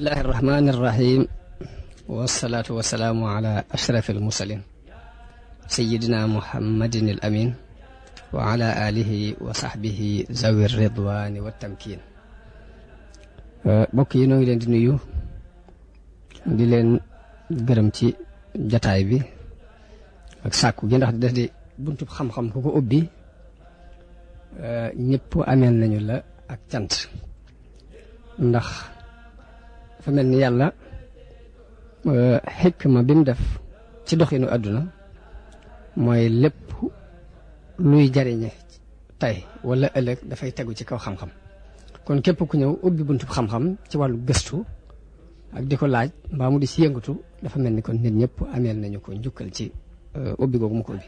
bismillahi irrahmani irrahim wasalaatu wasalaamu ala ashraf almursalin sayidina muhammadin al amin wa ala alihi wa sahbihi zawi ridwani wa tamkin uh, mbokk yi noo ngi leen di nuyu di leen gërëm ci jataay bi ak sàkku gi ndax def di buntub xam-xam ku ko ubbi uh, ñëpp ameel nañu la ak cant ndax dafa mel ni yàlla xikma euh, bi mu def ci doxinu àdduna mooy lépp luy jariñe tey wala ëllëg dafay tegu ci kaw xam-xam kon képp ku ñëw ubbi buntub xam-xam ci wàllu gëstu ak di ko laaj mbaa mu di si yëngatu dafa mel ni kon nit ñëpp ameel nañu ko njukkal ci euh, ubbi googu mu ko ubbi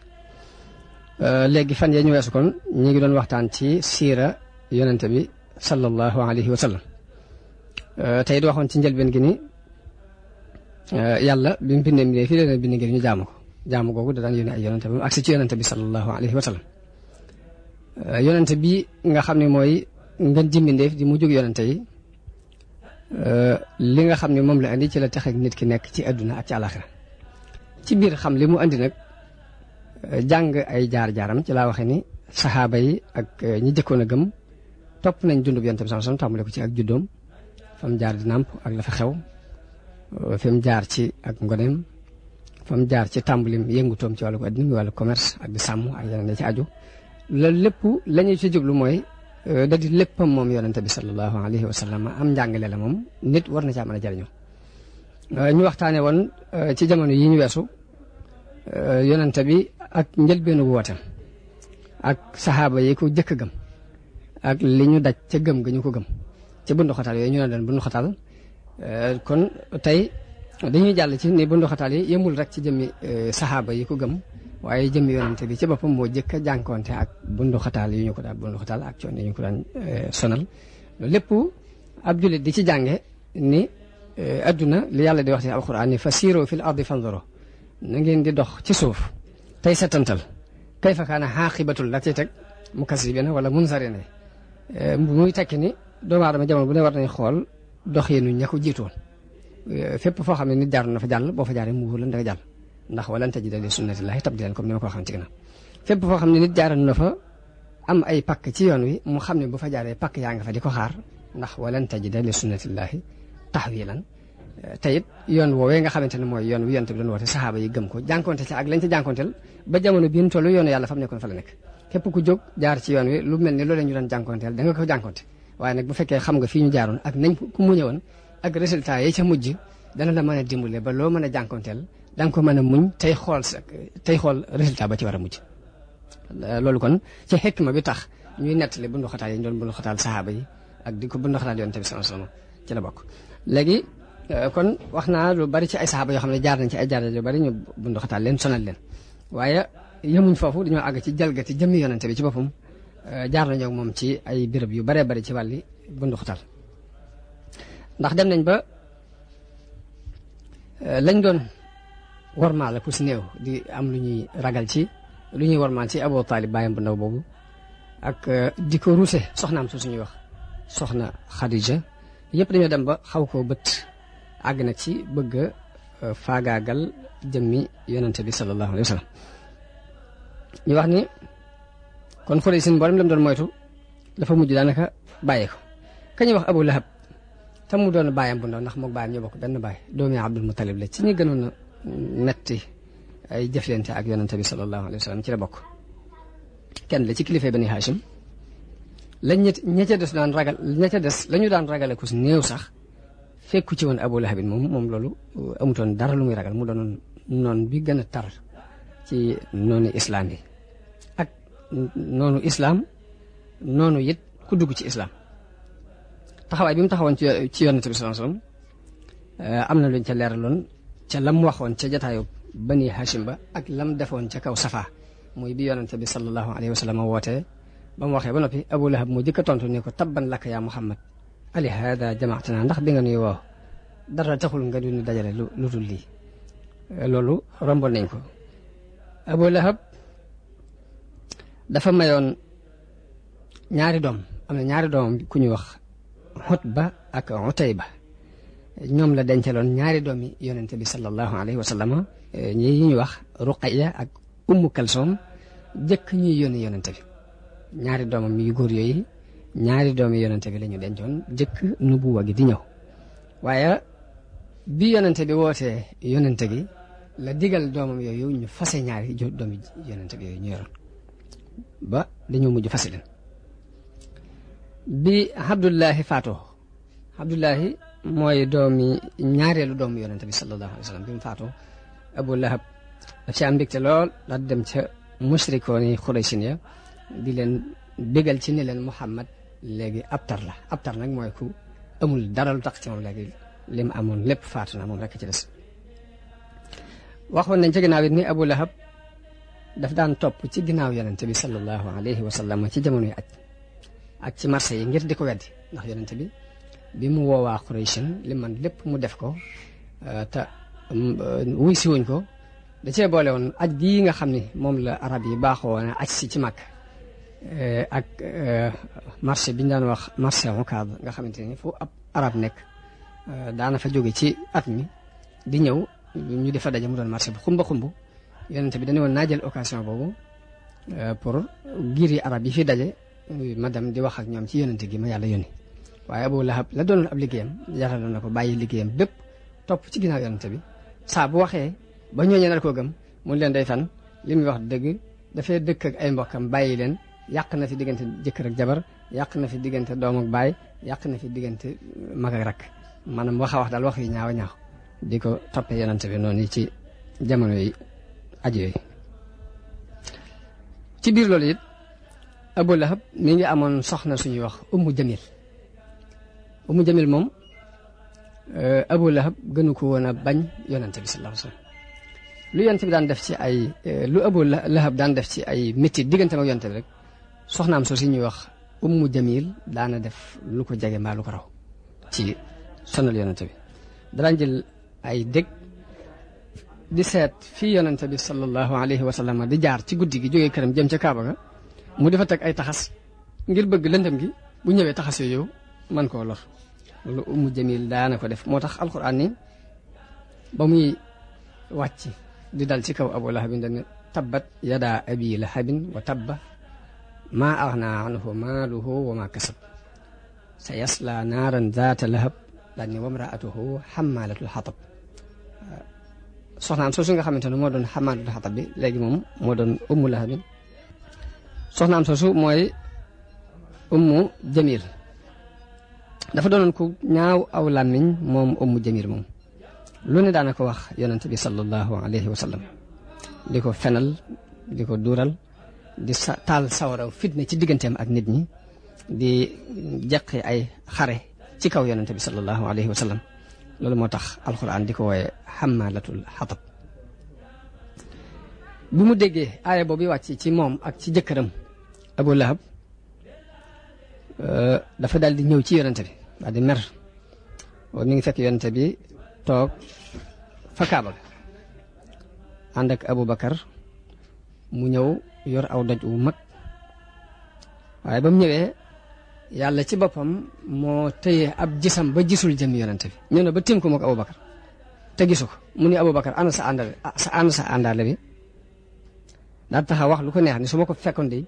euh, léegi fan ya weesu kon ñu ngi doon waxtaan ci siira yonente bi sallallahu alayhi wa Euh, tey di waxoon ci njëlbeen gi ni euh, yàlla bi mu bindee mbindee fii leen bind ngir ñu jaamu ko jaamu googu da daan yónnee ay yonante bi sallallahu alayhi wa sallam euh, bi nga xam ne mooy ngeen ji di mu jóg yonante yi li nga xam ne moom la indi ci la tax nit ki nekk ci àdduna ak ci àlaxira ci biir xam li mu andi nag jàng ay jaar-jaaram ci laa waxee ni saxaaba yi ak ñi jëkkoon a gëm topp nañ dundub yonante bi sallallahu alayhi wa sallam ko ci ak juddoom fa jaar di nàmp ak la fa xew euh, fi jaar ci ak ngoneem fa jaar ci tàmbalim yëngutoom ci wàllu addina mi wàllu commerce ak di sàmm ak yeneen ci aju la lépp lañu ci jublu mooy euh, da di léppam moom yonente bi sallallahu alayhi wa sallam am njàngale la moom nit war na caa mën a jariñu euh, ñu waxtaane woon ci jamono yi ñu weesu yonente bi ak njëlbeenu woote ak saxaaba yi ko jëkk gëm ak li ñu daj ca gëm ga ñu ko gëm ci bunduxataal yooyu ñu ne doon bunduxataal euh, kon tey dañuy jàll ci ni bunduxataal yi yemul rek ci jëmmi euh, saxaaba yi ko gëm waaye jëmmi yonante bi ci boppam moo jëkk a ak bunduxataal yi ñu ko daan bunduxataal ak coono yi ñu ko daan euh, sonal loolu lépp ab jullit di ci jànge ni adduna li yàlla di wax ci alquran ni fa siiroo fil ardi fanzoro na ngeen di dox ci suuf tey setantal kayfa kaana xaaqibatul la ciy teg mu kasi bi na wala munsari ne muy tekki ni doomu aadama jamono bu ne war nañ xool doxinu ña ko jiitoon fépp foo xam ne nit jaar na fa jàll boo fa jaaree mu wóor lan ndax walan tajida ji sunnatillahi tabdilan comme ni ma ko waxoon ci gannaaw xam ne nit jaaroon na fa ay pakk ci yoon wi mu xam ne bu fa jaaree pakk yaa nga fa di ko xaar ndax walan tajida li sunnatillahi tahwilan te it yoon woowee nga xamante ne mooy yoon wi yonte bi doon woote saxaaba yi gëm ko jànkonte ci ak lañ ca jànkonteel ba jamono bii ñu toll yoonu yàlla fa mu nekkoon fa la nekk képp ku jóg jaar ci yoon wi lu mel ni loolu ñu doon jànkonteel da nga ko jànkonte waaye nag bu fekkee xam nga fii ñu jaaroon ak nañ ku muñe woon ak résultat yi ca mujj dana la man a dimbale ba loo mën a jànkonteel da nga ko mën a muñ tey xool sa tey xool résultat ba ci war a mujj loolu kon ci ma bi tax ñuy nettali bu ndoxataal yi ñu doon bu ndoxataal saxaaba yi ak di ko bu ndoxataal yoon tamit sama sama ci la bokk léegi euh, kon wax naa lu bari ci ay saxaaba yoo xam ne jaar nañ ci ay jaarale lu bari ñu bu leen sonal leen waaye yemuñ foofu dañoo agg ci jalgati jëmmi yonente bi ci boppam Euh, jaar nañu ak moom ci ay béréb yu baree bari ci wàlli bunduxtal ndax dem nañ ba euh, lañ doon warmaal ku si néew di am lu ñuy ragal ci lu ñuy warmaal ci Abu Taalib bàyyam bu ndaw boobu ak euh, di ko ruuse soxnaam su ñuy wax soxna Xadija yëpp dañoo dem ba xaw koo bët àgg na ci bëgg a faagaagal jëmmi yonente bi sallallahu alayhi wa ñu wax ni kon xurey sin mboolem la doon moytu dafa mujj daanaka bàyyi ko ka wax Abu Lahab te mu doon bàyyam bu ndaw ndax moog bàyyam ñoo bokk benn bàyyi doomi Abdul Mutalib la ci ñi gënoon a metti ay jëflante ak yonente bi sallallahu alayhi wa sallam ci la bokk kenn la ci kilifay Bani Hashim lañ ñett ña des daan ragal ña ca des lañu daan ragale ku si néew sax fekku ci woon Abu Lahab moom moom loolu uh, amutoon dara lu muy ragal mu doonoon noon bi gën a tar ci noonu islaam yi noonu islaam noonu it ku dugg ci islaam taxawaay bi mu taxawoon ci ci yonent bi sallallahu alayhi eh, am na luñ leeral leeraloon ca lam waxoon ca jataayu bani Hashim ba ak lam defoon ci kaw safaa muy bi yonent bi sallallahu alayhi wasallam wootee ba mu waxee ba noppi Abu Lahab moo jëkk a tontu ni ko tabban lakk yaa Muhammad ali hada jamaatana ndax bi nga nuy woo dara taxul nga du ñu dajale lu dul lii eh, loolu romboon nañ ko dafa mayoon ñaari doom am na ñaari doomam ku ñuy wax ba ak ba ñoom la dencaloon ñaari doomi yonente bi sallallahu alayhi wa sallam ñi ñuy wax Ruqayya ak Ummu Kalsoom jëkk ñuy yónni yonente bi ñaari doomam yu góor yooyu ñaari doomi yonente bi la ñu dencoon jëkk nubuwa gi di ñëw waaye bi yonente bi wootee yonente gi la digal doomam yooyu ñu fase ñaari doomi yonente bi yooyu ñu yoroon ba mu mujj fase leen bi Abdullahi faatoo Abdullahi mooy doomi ñaareelu doomu yoona bi sallallahu alayhi wa sallam bi mu Abu Lahab daf ci am mbégte lool daal dem ca musrikoon yi Xuraysin di leen bégal ci ni leen Muhammad léegi abtar la abtar nag mooy ku amul dara lu tax ci moom léegi li mu amoon faatu na moom rek ci des waxoon nañ ca ginnaaw it Abu Lahab daf daan topp ci ginnaaw yonente bi sallallahu alayhi wa sallam ci jamono yi aj ak ci marché yi ngir di ko weddi ndax yonente bi bi mu woowaa Qurayshin li man lépp mu def ko euh, te euh, wuy si wuñ ko da cee boole woon aj gii nga xam ne moom la arab yi baaxoo woon aj si ci màkk euh, ak marché bi ñu daan wax marché Ukaab nga xamante ni fu ab arab nekk daana fa jóge ci at mi di ñëw ñu defa daje mu doon marché bi xumba xumb yonente bi dañu woon naa jël occasion boobu euh, pour giir yi arab yi fi daje ma dem di wax ak ñoom ci yonente gi ma yàlla yónni waaye boobu la Lahab la doon ab liggéeyam jaraloon na ko bàyyi liggéeyam bépp topp ci ginnaaw yonente bi saa bu waxee ba ñooñee nar koo gëm mu leen day fan li muy wax dëgg dafay dëkk ak ay mbokkam bàyyi leen yàq na fi diggante jëkkër ak jabar yàq na fi diggante doom ak yàq na fi diggante euh, mag ak rakk maanaam wax a wax daal wax yu ñaaw a di ko toppee yonente bi noonu ci jamono yi aj yooyu ci biir loolu it Abu Lahab mi ngi amoon soxna suñuy wax Ummu Jamil Ummu Jamil moom euh, Abu Lahab gënu ko woon a bañ yonante bi sallallahu alayhi lu yonante bi daan def ci ay euh, lu Abu Lahab daan def ci ay métti diggante ak rek soxnaam soo si ñuy wax Ummu Jamil daana def lu ko jege mbaa lu ko raw ci sonal yonante bi daan jël ay dëkk di seet fii yonente bi sallallahu alayhi wa di jaar ci guddi gi jógee këram jëm ca Kaaba ga mu defa teg ay taxas ngir bëgg lëndëm gi bu ñëwee taxas yooyu man koo lor loolu Ummu Jamil daana ko def moo tax alxuraan ni ba muy wàcc di dal ci kaw Abu Lahabin dañ tabbat yadaa abi lahabin wa tabba maa aghnaa anhu maaluhu wa maa kasab sa yasla naaran zaata lahab daal wa mraatuhu xammaalatul soxnaam soosu nga xamante ne moo doon xamaadu da bi léegi moom moo doon ummu lahabin soxnaam soosu mooy ummu jamil dafa doonoon ku ñaaw aw làmmiñ moom ummu jamil moom lu ne daana ko wax yonente bi sallallahu alayhi wa di ko fenal di ko duural di sa taal sawaraw fitna ci am ak nit ñi di jeqi ay xare ci kaw yonente bi sallallahu alayhi wa loolu moo tax alxuraan di ko wooye xamaalatul xatab bu mu déggee aaya boobu wàcc ci moom ak ci jëkkëram abu lahab euh, dafa daal di ñëw ci yonente bi daal di mer mi ngi fekk yonente bi toog fa kaaba ga ak abu bakar mu ñëw yor aw doj wu mag waaye ba mu ñëwee yàlla ci boppam moo tëye ab gisam ba jisul jëm yonente bi ñëw na ba tiim ko moog Aboubacar te gisu ko mu ni Aboubacar ana sa àndale sa ànd sa àndaale bi taxa wax lu ko neex ni su ma ko fekkoon de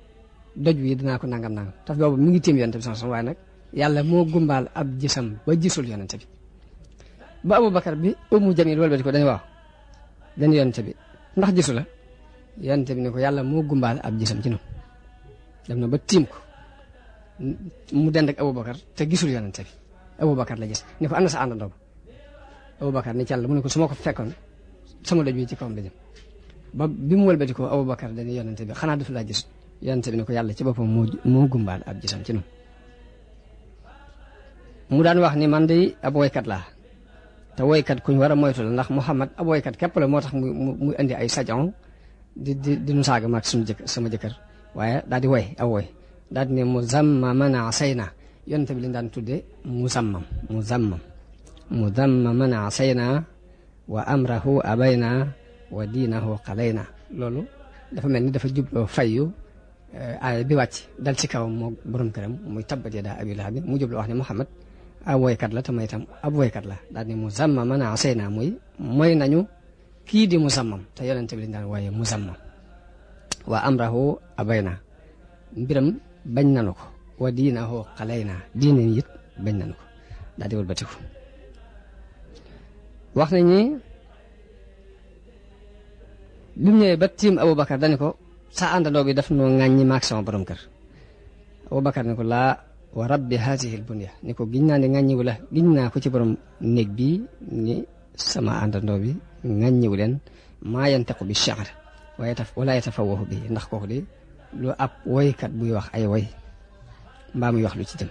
doj wi dinaa ko nangam nangam taf boobu mu ngi tiim yonente bi sama sama waaye nag yàlla moo gumbaal ab gisam ba jisul yonente bi ba Aboubacar bi Umu Jamil wala ko dañu waaw dañu yonente bi ndax gisu la yonente bi ne ko yàlla moo gumbaal ab gisam ci noonu dem ba tiim mu dend ak Aboubacar te gisul yonent bi la gis ne am na sa àndandoo ba Aboubacar ni càll mu ne ko su ma ko fekkoon sama doj wi ci kawam la jëm ba bi mu wëlbati ko xanaa dafa laa gis yonent bi ko yàlla ci boppam moo moo gumbaal ab gisam ci noonu. mu daan wax ni man de ab woykat laa te waykat kuñ war a moytu la ndax Muhammad ab woykat képp la moo tax mu mu indi ay sajon di di di nu saaga maag suñu jëkkër sama jëkkër waaye daal di woy aw woy daal ne muzammaman asayna yonent bi lañ daan tudde muzammam muzammam muzammaman asayna wa amrahu abayna wa diinahu qalayna loolu dafa mel ni dafa jubloo fayu eh, aaya bi dal ci kawam moo borom këram muy tabbat yadaa abii lahabin mu jubloo wax Muhammad ab woykat la te may itam ab woykat la daal ne muzammaman asayna muy mooy nañu kii di muzammam te yonent bi lañ daan waaye muzammam wa amrahu abayna mbiram bañ na nanu ko wa diinahu xalaynaa diine yi it bañ nanu ko daal di wëlbatiku wax nañ ni bi mu ñëwee ba tiim Aboubacar dañu ko sa àndandoo bi daf noo ŋàññi maag sama borom kër Aboubacar ne ko laa wa rabbi haasihi ni ko giñ naa ne ŋàññiwu la giñ naa ko ci borom néeg bi ni sama àndandoo bi ŋàññiwu leen maa ko bi sha'r waaye taf wala yatafawahu bi ndax kooku di lu ab woykat buy wax ay woy mbaa muy wax lu ci jëm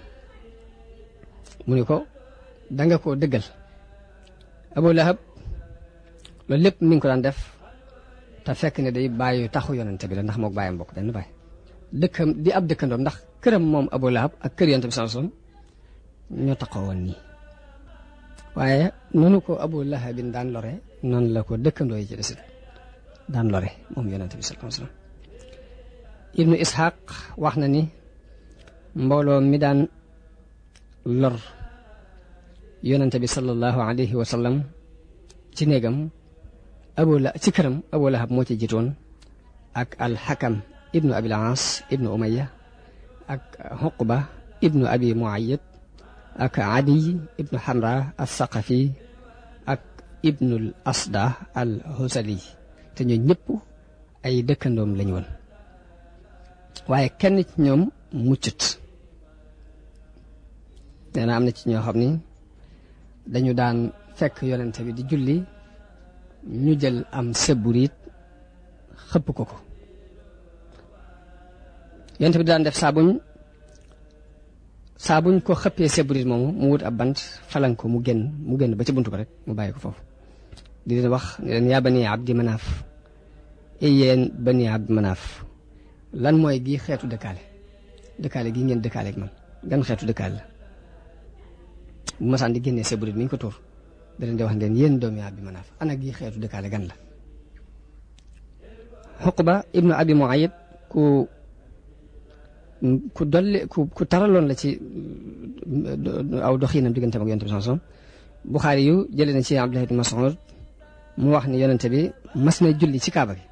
mu ni ko danga koo dëggël Abu Lahab loolu lépp mi ngi ko daan def te fekk ne day bàyyi taxu yonente bi la ndax mook bàyyam bokk benn bàyyi dëkkam di ab dëkkandoom ndax këram moom Abu Lahab ak kër yonente bi sallallahu alayhi ñoo taxoo woon nii waaye noonu ko Abu Lahab daan lore noonu la ko dëkkandoo yi ci desit daan lore moom yonente bi sallallahu alayhi ibnu ishaq wax na ni mbooloo mi daan lor yonente bi sallallahu alayhi wa ci néegam abu ci këram abu moo ci jitoon ak alxakam ibnu abil ibnu umaya ak xuqba ibnu abi ak adiy ibnu xamra al ak ibnu al asda al te ñoo ñëpp ay dëkkandoom lañu woon waaye kenn ci ñoom muccut nee na am na ci ñoo xam ni dañu daan fekk yonente bi di julli ñu jël am seburiit xëpp ko ko yonente bi daan def saabuñ saa buñ ko xëppee sëbburiit moomu mu wut ab bant falan ko mu génn mu génn ba ci buntu ko rek mu bàyyi ko foofu di leen wax ne leen yaa bani abdi manaaf iyeen bani abdi manaaf lan mooy gii xeetu dëkkaale dëkkaale gii ngeen dëkkaale ak man gan xeetu dëkkaale la bu di génnee sebrit mi ñu ko tuur da leen di wax ngeen yéen doomi abi manaaf ana gi xeetu dëkkaale gan la Uqba ibnu abi Muayt ku ku dolli ku ku taraloon la ci mm, aw doxiinam digganteem ak yonent bi sallallahu alayhi wasallam yu jëlee na ci Abdullah ibn Mas'ud mu wax ni yonent bi mas na julli ci kaaba gi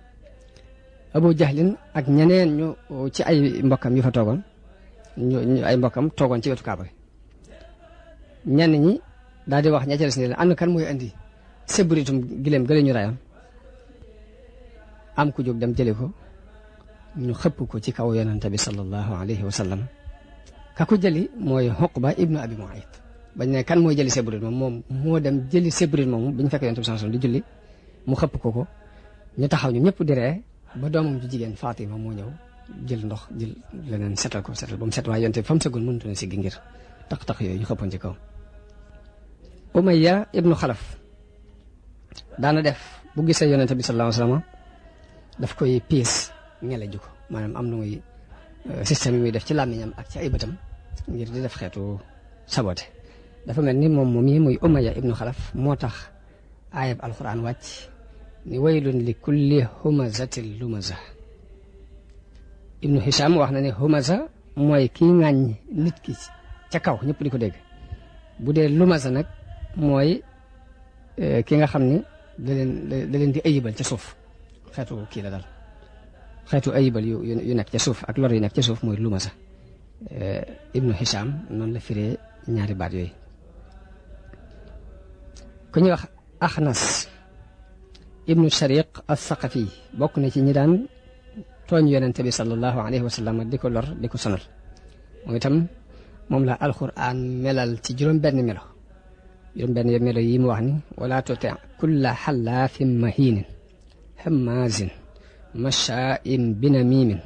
Abu Jahlin ak ñeneen ñu ci ay mbokkam yu fa toogoon ñu ay mbokkam toogoon ci wetu Kaaba ñenn ñi daal di wax ña ca des ne leen kan mooy andi sëburitum gileem gële ñu rayoon am ku dem jëli ko ñu xëpp ko ci kaw yonante bi sallallahu alayhi wa sallam ka ko jëli mooy Uqba ibnu Abi Muayt bañ ne kan mooy jëli sëburit moom moom moo dem jëli sëburit moom bi ñu fekk yonante bi sallallahu di julli mu xëpp ko ko ñu taxaw ñu ñëpp di ree ba doomam ju jigéen Fatima moo ñëw jël ndox jël leneen setal ko setal ba mu set waaye yonte bi fa mu sëggoon mënut na siggi ngir taq-taq yooyu ñu xëppoon ci kaw Umayya ibnu Xalaf daana def bu gisee yonente bi sallallahu alayhi wasallam daf koy piis ngeleju ko maanaam am na muy euh, système yi def ci làmmiñam ak ci ay bëtam ngir di def xeetu sabote dafa mel ni moom moom yi muy Umayya ibnu Xalaf moo tax aayab alxuraan wàcc ni waylun li kulli humazatin lumaza ibnu hisham wax na ne humaza mooy kii ŋàññ nit ki ca kaw ñëpp di ko dégg bu dee lumaza nag mooy e, ki nga xam ni da leen da leen di ayibal ca suuf xeetu kii la dal xeetu ayibal yu yu nekk ca suuf ak lor yu nekk ca suuf mooy lumaza e, ibnu hisham noonu la firee ñaari baat yooy ku ñuy wax axnas ibnu shariq as-saqafi bokk na ci ñi daan tooñ yonente bi sallallahu alayhi wa sallam di ko lor di ko sonal moom itam moom la alquran melal ci juróom benn mela juróom benn melo yi mu wax ni wala tuti kulla xallaafin mahiinin hammaazin mashaa'in binamiimin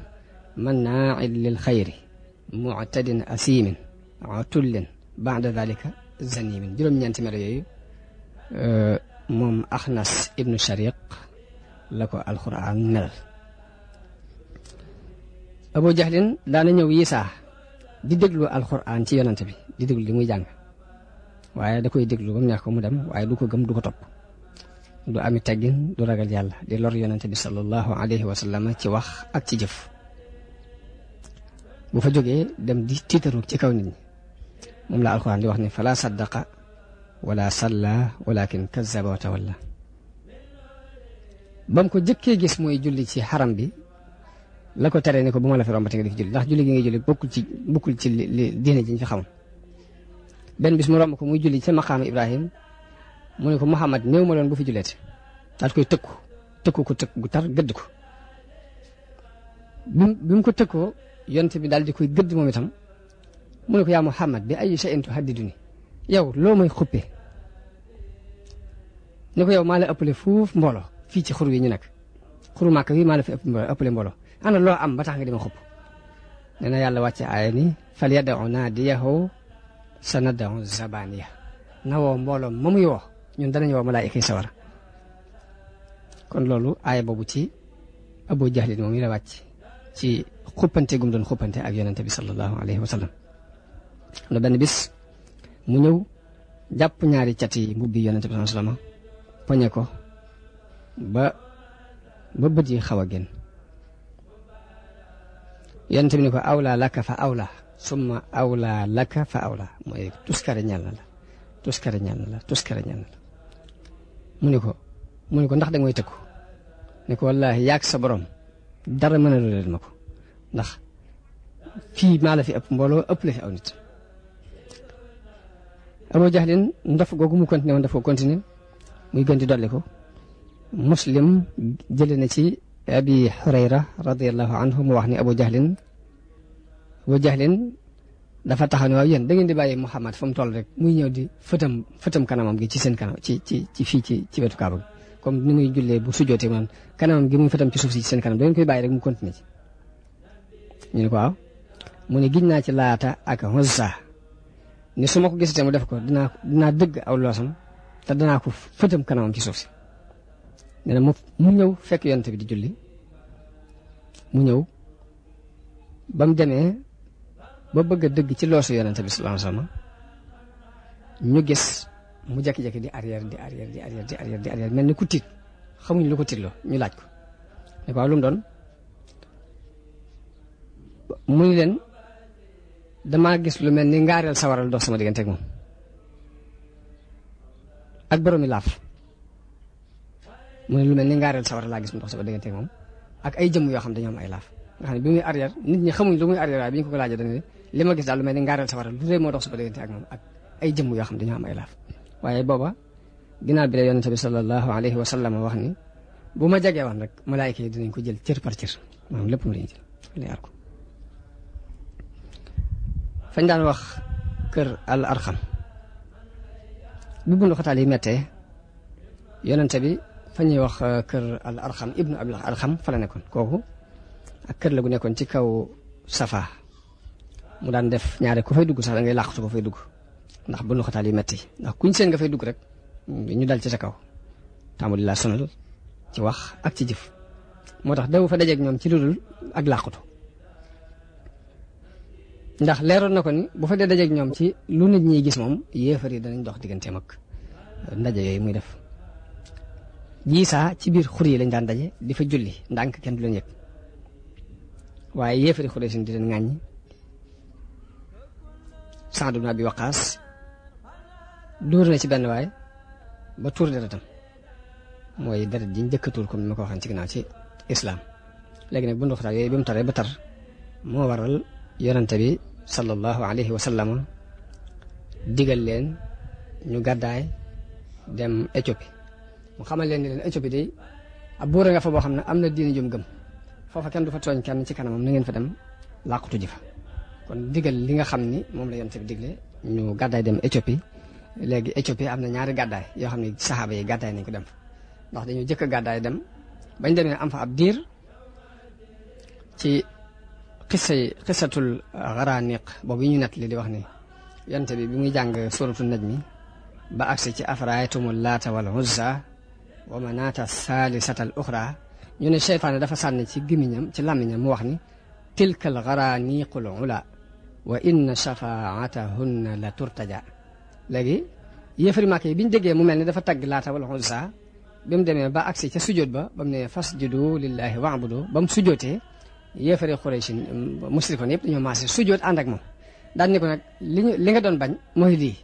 mannaa'in lil xayri mu'tadin asiimin utullin ba'da dalika zaniimin moom Axnas ibnu Shariq la ko alxuraan melal Abu Jahlin daana ñëw Yisaa di déglu alxuraan ci yonante bi di déglu li muy jàng waaye da koy déglu ba mu neex ko mu dem waaye du ko gëm du ko topp du ami teggin du ragal yàlla di lor yonante bi sallallahu alayhi wa ci wax ak ci jëf bu fa jógee dem di tiitaru ci kaw nit ñi moom la alxuraan di wax ni fala saddaqa wala salla walakin kazzaba ko jëkkee gis mooy julli ci xaram bi la ko tere ne ko bu ma la fi rombati nga def julli ndax julli gi ngay julli bokkul ci bokkul ci li diine ji ñu fi xamoon benn bis mu romb ko muy julli ca maqaama Ibrahim mu ne ko Muhammad néew ma doon bu fi julleete daal koy tëkku tëkku ko tëkk gu tar gëdd ko bi mu ko tëkkoo yonte bi daal di koy gëdd moom itam mu ne ko yaa Muhammad bi ay shay'in tuhaddiduni yow loo may xuppee ne ko yow maa la ëppale fuuf mbooloo fii ci xur wi ñu nekk xuru màkk wi maa la fi ëppale mbooloo ana loo am ba tax nga di ma xupp nee na yàlla wàcce aaya ni fal yad'u naadiyahu sanad'u zabaniya na woo mbooloo ma muy woo ñun danañ woo malaayika yi sawara kon loolu aaya boobu ci abu jahlin moom yi la wàcc ci xuppante gum doon xuppante ak yonente bi sallallahu alayhi wa sallam benn bis mu ñëw jàpp ñaari cat yi mbubbi yonente poñe ko ba ba bët yi xaw a génn yonent bi ne ko awlaa lakka fa awlaa summa awlaa lakka fa awlaa mooy tuskare ñal la tuskare ñal la mu ne ko mu ne ko ndax da ngay tëkku ne ko wallaahi yàq sa borom dara mënalu leen ma ko ndax fii maa la fi ëpp mbooloo ëpp la fi aw nit Abu Jahlin googu mu continué woon ko continué muy gën di dolliku muslim jële na ci abi xurayra radiallahu anhu mu wax ni abu jahlin abu jahlin dafa taxaw ne waaw yéen da ngeen di bàyyi muhammad fu mu toll rek muy ñëw di fëtam fëtam kanamam gi ci seen kanam ci ci ci fii ci ci wetu kaaba gi comme ni muy jullee bu sujjootee man kanamam gi muy fëtam ci suuf si ci seen kanam da ngeen koy bàyyi rek mu continuer ci ñu ne ko waaw mu ne giñ naa ci laata ak Uzza ni su ma ko gisatee mu def ko dinaa dinaa dëgg te danaa ko fëtam kanamam ci suuf si nee na mu ñëw fekk yonent bi di julli mu ñëw ba mu demee ba bëgg a dëgg ci loosu yonent bi sallallahu alayhi wasallam ñu gis mu jekki-jekki di arrière di arrière di arrière di arrière di arrière mel ni ku tiit xamuñ lu ko tiitloo ñu laaj ko ne ko leen damaa gis lu mel ni ngaareel sawaral dox sama diggante moom ak boroomi laaf mu ne lu mel ni ngaareel sawara laa gis mu dox sama diggante moom ak ay jëmm yoo xam dañoo am ay laaf nga xam ne bi muy arrière nit ñi xamuñ lu muy arrière waaye bi ñu ko laajee dañu ne li ma gis daal lu mel ni ngaareel sawara lu rëy moo dox sama diggante ak moom ak ay jëmm yoo xam dañoo am ay laaf waaye booba ginnaaw bi la yonente bi sallallahu alayhi wa wax ni bu ma jagee woon rek malaayka yi dinañ ko jël cër par cër maanaam lépp mu dañu jël lay wax kër al arxam bi bundu xataal yi mettee yonente bi fa ñuy wax euh, kër al arxam ibnu abil arxam fa la nekkoon kooku ak kër la gu nekkoon ci kaw safa mu daan def ñaare ku fay dugg sax da ngay làqatu ko fay dugg ndax bundu xataal yi metti ndax kuñ seen nga fay dugg rek ñu dal ci sa kaw tàmbali laa sonal ci wax ak ci jëf moo tax daw fa dajeeg ñoom ci ludul ak làqatu ndax leeroon na ko ni bu fa dee dajeeg ñoom ci lu nit ñiy gis moom yéefar yi danañ dox diggante mag euh, ndaje yooyu muy def jiisaa ci biir xur yi lañ daan daje di fa julli ndànk kenn du leen yëg waaye yéefari xure sin di leen ŋàññi Saad ibn Abi ci benn waay ba tuur deretam mooy deret jiñ njëkk a tuur comme ni ma ko waxee ci ginnaaw ci islaam léegi nag bu ndox taal yooyu bi mu taree ba tar moo waral yonante bi sallallahu alayhi wa sallam digal leen ñu gàddaay dem Éthiopie mu xamal leen leen Éthiopie day a buur nga fa boo xam ne am na diini jum gëm foofa kenn du fa tooñ kenn ci kanamam na ngeen fa dem làqutu ji fa kon digal li nga xam ni moom la yonante bi digle ñu gàddaay dem Éthiopie léegi Éthiopie am na ñaari gàddaay yoo xam ne saxaaba yi gàddaay niñ ko dem fa ndax dañu jëkk gàddaay dem bañ demee am fa ab diir ci xisay xisatul xaraaniq boobu yi ñu nett li di wax ni yonte bi bi mu jàng suratu naj mi ba agsi ci afraaytumul laata wal uzza wa manaata saalisatal uxra ñu ne seytaane dafa sànni ci gémmiñam ci làmmiñam mu wax ni tilkal xaraaniqul ula wa inna shafaatahunna la turtaja léegi yéefari màkk yi bi ñu déggee mu mel ni dafa tagg laata wal uzza bi mu demee ba agsi ca sujjóot ba ba mu ne fasjudu lillahi waabudu ba mu sujjóotee yéefari Quraysh musrikoon yëpp dañoo maase sujjoot ànd ak moom daan ni ko nag li ñu li nga doon bañ mooy dii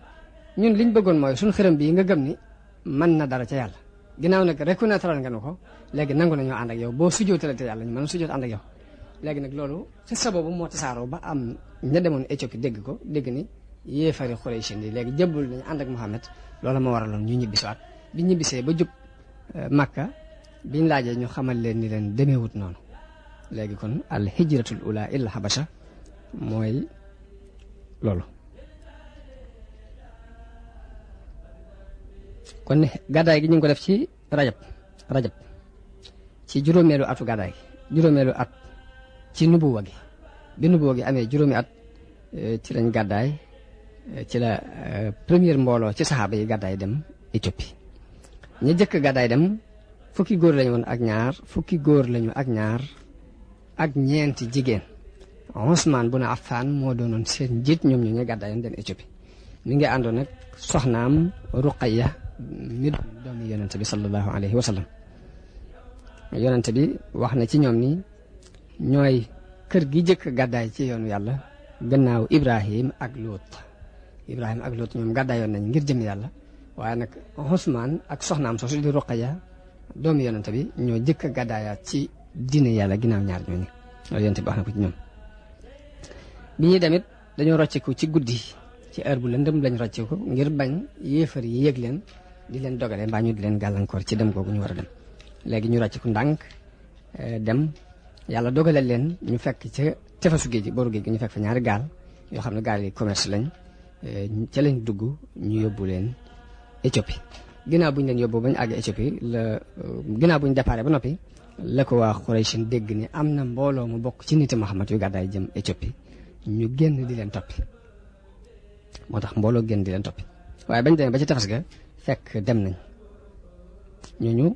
ñun li ñu bëggoon mooy suñu xërëm bii nga gëm ni mën na dara ca yàlla ginnaaw nag reconnaître nga nu ko léegi nangu nañoo ànd ak yow boo sujjootalee te yàlla ñu mën a sujjoot ànd ak yow léegi nag loolu ci sababu moo tasaaroo ba am ña demoon Éthiopie dégg ko dégg ni yéefari Quraysh yi léegi jëbbul nañu ànd ak Muhammad loolu moo waraloon ñu ñibbisiwaat bi ñibbisee ba jub eh, Makka biñ laajee ñu xamal leen ni leen demeewut noonu léegi kon al hijratul ula il habasha mooy loolu kon gàddaay gi ñu ngi ko def ci rajab rajab ci juróomeelu atu gàddaay juróomeelu at ci nubuwa gi bi nubuwa gi amee juróomi at eh, ci lañ gàddaay eh, ci la eh, première mbooloo ci saxaaba yi gàddaay dem Éthiopie ña jëkk gàddaay dem fukki góor lañu woon ak ñaar fukki góor lañu ak ñaar ak ñeenti jigéen Ousmane bu na Affan moo doonoon seen njiit ñoom ñu ñu gàddaayoon dem Éthiopie mi ngi àndoon nag soxnaam Ruqayya mi doomi yonente bi sallallahu alayhi wa sallam yonente bi wax na ci ñoom ni ñooy kër gi jëkk gàddaay ci yoonu yàlla gannaaw Ibrahim ak Luut Ibrahim ak Luut ñoom gàddaayoon nañ ngir jëm yàlla waaye nag Ousmane ak soxnaam soosu di Ruqayya doomi yonente bi ñoo jëkk gàddaayaat ci diine yàlla ginaaw ñaar ñooñu loolu yonent bi wax na ci ñoom bi ñuy demit dañoo rocceeku ci guddi ci heure bu lëndëm lañ rocceeku ngir bañ yéefar yi leen di leen dogale mbaa ñu di leen gàllankoor ci dem googu ñu war a dem léegi ñu rocceeku ndànk euh, dem yàlla dogale leen ñu fekk ci tefesu géej gi booru géej gi ñu fekk fa ñaari gaal yoo xam ne gaal yi commerce lañ euh, ca lañ dugg ñu yóbbu leen Éthiopie ginaaw buñ leen yóbbu bañ àgg Éthiopie la euh, ginnaaw buñ ba noppi la ko waa Quraysh dégg ni am na mbooloo mu bokk ci nit Muhammad yu gàddaay jëm Éthiopie ñu génn di leen toppi moo tax mbooloo génn di leen toppi waaye bañ demee ba ci tefes ga fekk dem nañ ñooñu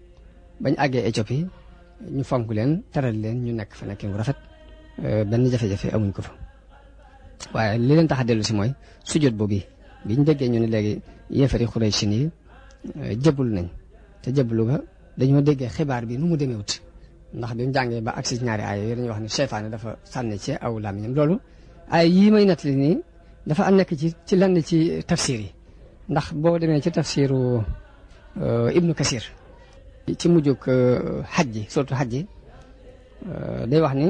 bañ àggee Éthiopie ñu fonk leen teral leen ñu nekk fa nekkin bu rafet euh, benn jafe-jafe amuñ ko fa waaye li leen tax a dellu si mooy sujjóot boobu biñ déggee ñu ne léegi yéefari Quraysh yi euh, jëbul nañ te jëblu ga dañoo déggee xibaar bi nu mu demeewut ndax bi mu jàngee ba agsi ñaari aaya yooyu dañuy wax ne seytaane dafa sànni ci aw làmmiñam loolu aaya yii may nettali nii dafa am nekk ci ci lenn ci tafsir yi ndax boo demee ci tafsiru euh, ibnu kasir ci mujjug xaj euh, ji surtout xaj ji euh, day wax ni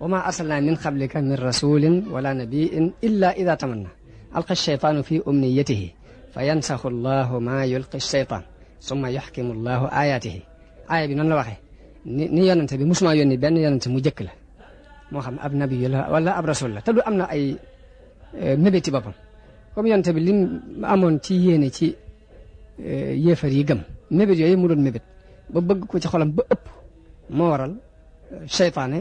wa ma arsalna min qablika min rasulin wala nabiin illa ida tamanna alqa sheytaanu fi umniyatihi fa yansaxu allahu ma yulqi sheytaan summa yaxkimu llaahu ayaatihi aaya bi noonu la waxee ni ni bi bi musuma yónni benn yonente mu jëkk la moo xam ab nabiyu la wala ab rasul la te du am na ay eh, mébéti boppam comme yonente bi lim amoon ci yéene ci eh, yéefar yi gëm mébét yooyu mu doon mébét ba bëgg ko ci xolam ba ëpp moo waral eh, seytaane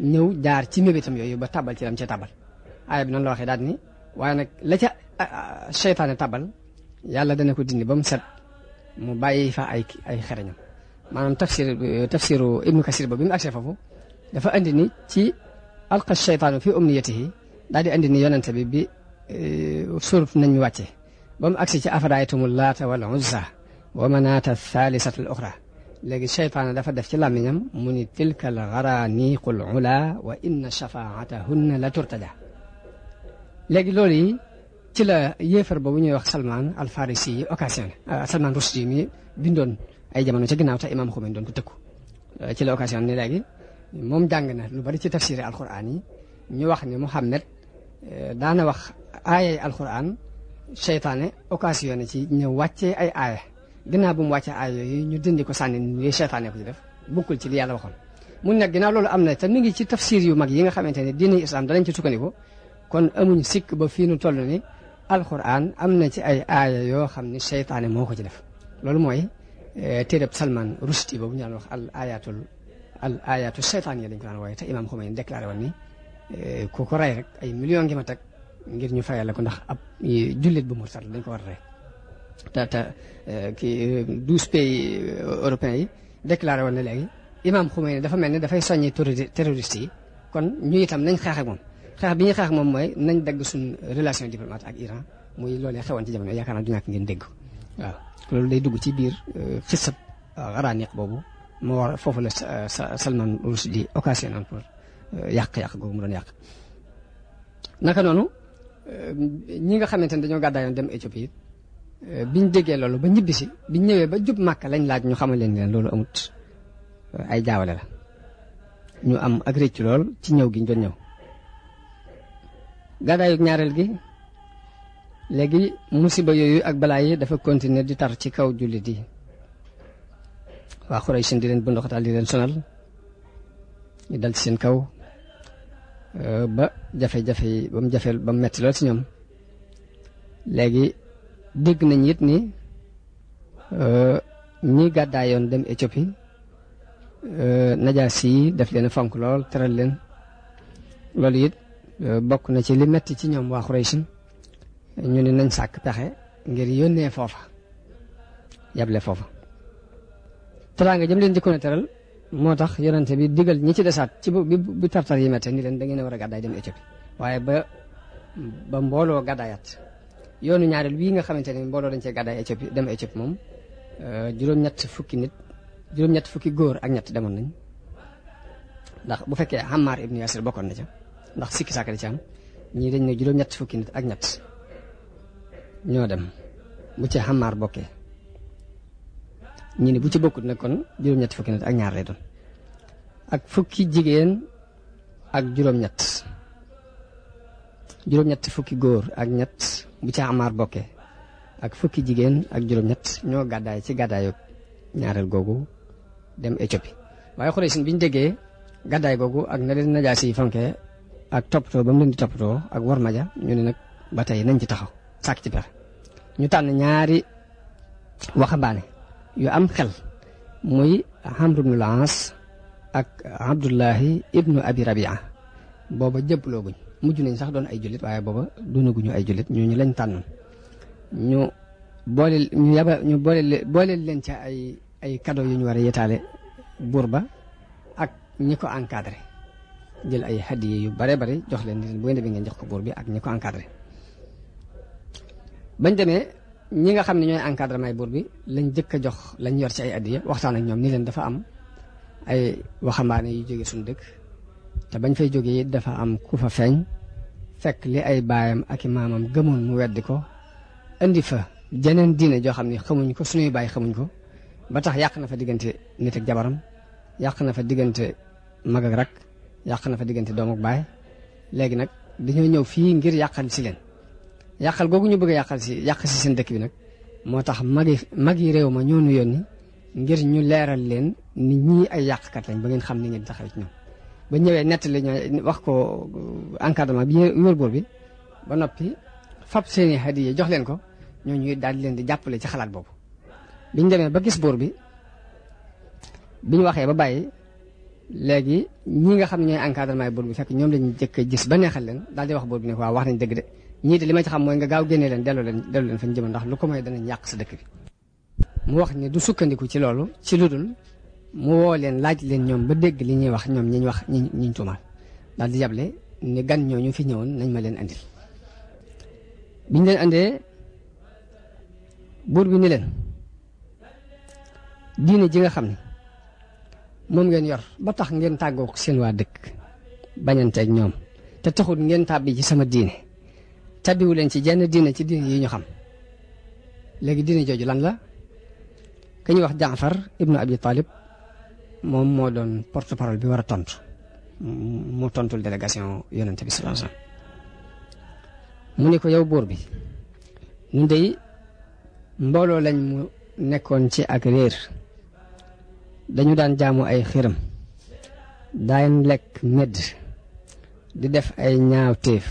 ñëw jaar ci mébétam yooyu ba tabal ci lam ca tabal aaya bi noonu la waxee daal ni waaye nag la ca seytaane tabal yàlla dana ko dindi ba mu set mu bàyyi fa ay ay xereñam maanaam tafsir tafsiru ibnu kasir ba bi mu agsee foofu dafa andi ni ci alqa shaytaanu fi umniyatihi daal di andi ni yonente bi bi eh, surut nañ ñu wàcce ba mu agsi ci afaraaytumu laata wal uzza wa manaata thaalisatu al uxra léegi shaytaan dafa def ci làmmiñam mu ni tilka al gharaniqul ula wa inna shafaatahunna la turtaja léegi loolu ci la yéefar boobu ñuy wax Salman al Farisi yi occasionné euh, Salman Rushdie mi bindoon ay jamono ca ginnaaw te Imam Khomeini doon ko tëkku euh, ci la occasion ni léegi moom jàng na lu bari ci tafsiri alquran yi ñu wax ne Muhammad euh, daana wax aayay alquran seytaane occasionné ci ñëw wàccee ay aaya ginnaaw bu mu wàccee aaya yooyu ñu dindi ko sànni yooyu seytaane ko ci def bukkul ci li yàlla waxoon mu nag ginnaaw loolu am na te mi ngi ci tafsir yu mag yi nga xamante ne diine islam danañ ci sukkandiku kon amuñ ba fii nu toll ni alxuraan am na ci ay aaya yoo xam ne seytaane moo ko ci def loolu mooy eh, téereb Salman Rushdie boobu ñu daan wax al ayatul al ayatu seytaan yi dañ ko daan wooye te imaam Khomeini déclaré eh, ko rey rek ay million ngi teg ngir ñu fayal ko ndax ab eh, jullit bu murtad dañ ko war te te kii douze pays européens yi déclaré woon ne léegi imaam Khomeini dafa mel ni dafay soññi terroriste yi kon ñu itam nañ xeexee ak moom xeex bi ñuy xeex moom mooy nañ dagg suñ relation diplomate ak Iran muy loolee xewoon ci jamono yaakaar naa du ñàkk ngeen dégg waaw loolu day dugg ci biir euh, xisab araaniq boobu moo war foofu la euh, Salman Rushdie occasionné pour euh, yàq-yàq googu mu doon yàq naka noonu ñi nga xamante ne dañoo gàddaayoon dem Éthiopie it biñ déggee loolu ba ñibbi si biñ ñëwee ba jub màkk lañ laaj ñu xamal leen leen loolu amut ay jaawale la ñu am ak réccu lool ci ñëw gi ñu doon gàddaayug ñaareel gi léegi musiba yooyu ak balaa yi dafa continuer di tar ci kaw jullit yi waa Quraysh di leen bundoxataal di leen sonal ñu dal ci seen kaw euh, ba jafe-jafe yi ba mu jafe ba mu metti lool ci ñoom léegi dégg nañ it ni euh, ñuy gàddaayoon dem Éthiopie euh, najaas si def leen fonk lool teral leen loolu it bokk na ci li metti ci ñoom waa Xuraysin ñu ne nañ sàkk pexe ngir yónnee foofa yable foofa teraanga jëm leen jëkkoon a teral moo tax yonente bi digal ñi ci desaat ci bu bu tartar yi mette ni leen da ngeen war a gàddaay dem Éthiopie waaye ba ba mbooloo gàddaayaat yoonu ñaareel bii nga xamante ni mbooloo dañ cee gàddaay Éthiopie dem Éthiopie moom euh, juróom-ñett fukki nit juróom-ñett fukki góor ak ñett demoon nañ ndax bu fekkee Ammar ibn Yasir bokkoon na ca ndax sikki sàkka di ci ñii dañ ne juróom-ñett fukki nit ak ñett ñoo dem bu ci xamaar bokkee ñu ne bu ci bokkut nag kon juróom-ñett fukki nit ak ñaar lay doon ak fukki jigéen ak juróom-ñett juróom-ñett fukki góor ak ñett bu ci xamaar bokkee ak fukki jigéen ak juróom-ñett ñoo gàddaay ci gàddaayu ñaareel googu dem Éthiopie waaye Xuraysin biñ déggee gàddaay googu ak na leen najaasi yi fonkee ak toppatoo ba mu leen di toppatoo ak war ma ja ñu ne nag ba tey nañ ci taxaw sàkk ci pexe ñu tànn ñaari waxambaane yu am xel muy Amru bnu Laas ak Abdullahi ibnu Abi Rabia booba jëpplooguñ mujj nañ sax doon ay jullit waaye booba ñu ay jullit ñooñu lañ tànnoon ñu boole ñu yaba ñu boole boole leen ca ay ay cadeau yu ñu war a yetaale buur ba ak ñi ko encadré jël ay hadiya yu bare bare jox leen bu ngeen demee ngeen jox ko buur bi ak ñi ko encadré bañ demee ñi nga xam ne ñooy encadrement buur bi lañ jëkk a jox lañ yor ci ay hadiya waxtaan ak ñoom ni leen dafa am ay waxambaane yu jóge suñu dëkk te bañ fay jógee dafa am ku fa feeñ fekk li ay baayam ak i maamam gëmoon mu weddi ko indi fa jeneen diine joo xam ne xamuñ ko suñuy baay xamuñ ko ba tax yàq na fa diggante nit jabaram yàq na fa diggante mag ak yàq na fa diggante doom ak baay léegi nag dañoo ñëw fii ngir yàqal si leen yàqal googu ñu bëgg yàqal si yàq si seen dëkk bi nag moo tax magi mag yi réew ma ñoo nu ngir ñu leeral leen nit ñii ay yàqkat lañ ba ngeen xam ni ngeen taxaw ci ñoom. ba ñëwee nettali ñoo wax ko uh, encadement bi wér boor bi ba noppi fab seeni hadiya jox leen ko ñoo ñuy daal di leen di jàppale ci xalaat boobu biñ demee ba gis boor bi biñ waxee ba bàyyi. léegi ñi nga xam ne ñooy encadrement buur bi fekk ñoom lañu jëkk gis ba neexal leen daal wax buur bi ne waaw wax nañ dëgg de ñii de li ma ci xam mooy nga gaaw génnee leen delloo leen delloo leen fañ jëma ndax lu ko may danañ yàq sa dëkk bi mu wax ne du sukkandiku ci loolu ci lu dul mu woo leen laaj leen ñoom ba dégg li ñuy wax ñoom ñiñ wax ñi ñiñ tuumaal daal di yable ne gan ñooñu fi ñëwoon nañ ma leen andil biñ leen andee buur bi ni leen diine ji nga xam ne moom ngeen yor ba tax ngeen tàggook seen waa dëkk bañanteeg ñoom te taxut ngeen tàbbi ci sama diine tàbbiwu leen ci jenn diine ci diine yi ñu xam léegi diine jooju lan la ka ñuy wax Jaafar ibnu Abi Talib moom moo doon porte parole bi war a tontu mu tontul délégation yonente bi sallallahu mu ne ko yow buur bi ñun dey mbooloo lañ mu nekkoon ci ak réer dañu daan jaamu ay xiram daan lekk medd di def ay ñaawteef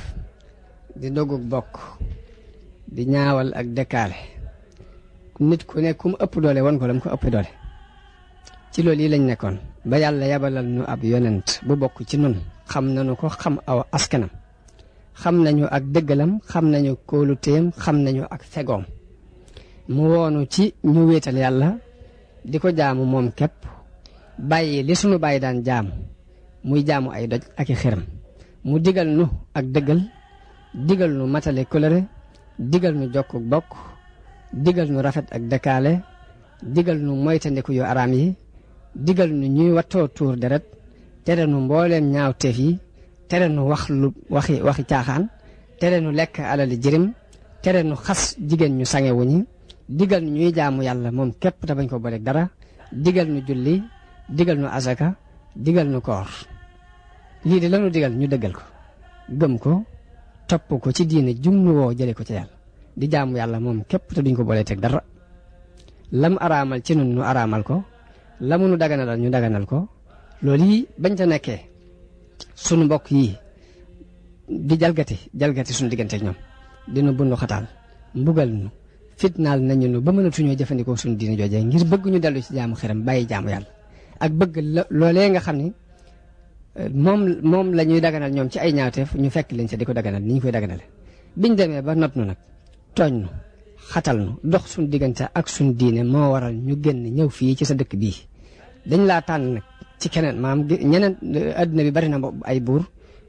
di dogug bokk di ñaawal ak dëkkaale nit ku ne kum ëpp doole wan ko la mu ko ëpp doole ci lool yi lañ nekkoon ba yàlla yabalal ñu ab yonent bu bokk ci nun xam nañu ko xam aw askanam xam nañu ak dëggalam xam nañu kóoluteem xam nañu ak fegoom mu woonu ci ñu wéetal yàlla di ko jaamu moom képp bàyyi li sunu bàyyi daan jaamu muy jaamu ay doj ak i xërëm mu digal nu ak dëggal digal nu matale kóllëre digal nu jokk bokk digal nu rafet ak dëkkaale digal nu moytandiku yu araam yi digal nu ñuy wattoo tuur deret tere nu mbooleem ñaaw yi tere nu wax lu waxi waxi caaxaan tere nu lekk alali jirim tere nu xas jigéen ñu sangewuñi digal ñuy jaamu yàlla moom képp te bañ ko booleeg dara digal nu julli digal nu asaka digal nu koor lii de lanu digal ñu dëggal ko gëm ko topp ko ci diine jumlu woo jële ko ci yàlla di jaamu yàlla moom képp te duñ ko boolee teg dara lam araamal ci nun nu araamal ko lamu nu daganalal ñu daganal ko loolu yi bañ ta nekkee sunu mbokk yi di jalgati jalgati sunu diggante ñoom dina bundu xataal mbugal nu fitnaal nañu nu ba mënatuñoo jëfandikoo suñu diine joojee ngir bëgg ñu dellu ci jaamu xeram bàyyi jaamu yàlla ak bëgg loolee nga xam ni euh, moom moom lañuy daganal ñoom ci ay ñaawteef ñu fekk leen ci di ko daganal ni ñu koy daganale biñ demee ba not nu nag tooñ nu xatal nu dox suñu diggante ak suñu diine moo waral ñu génn ñëw fii ci sa dëkk bii dañ laa tànn nag ci keneen maam ñeneen euh, adduna bi bari na ay buur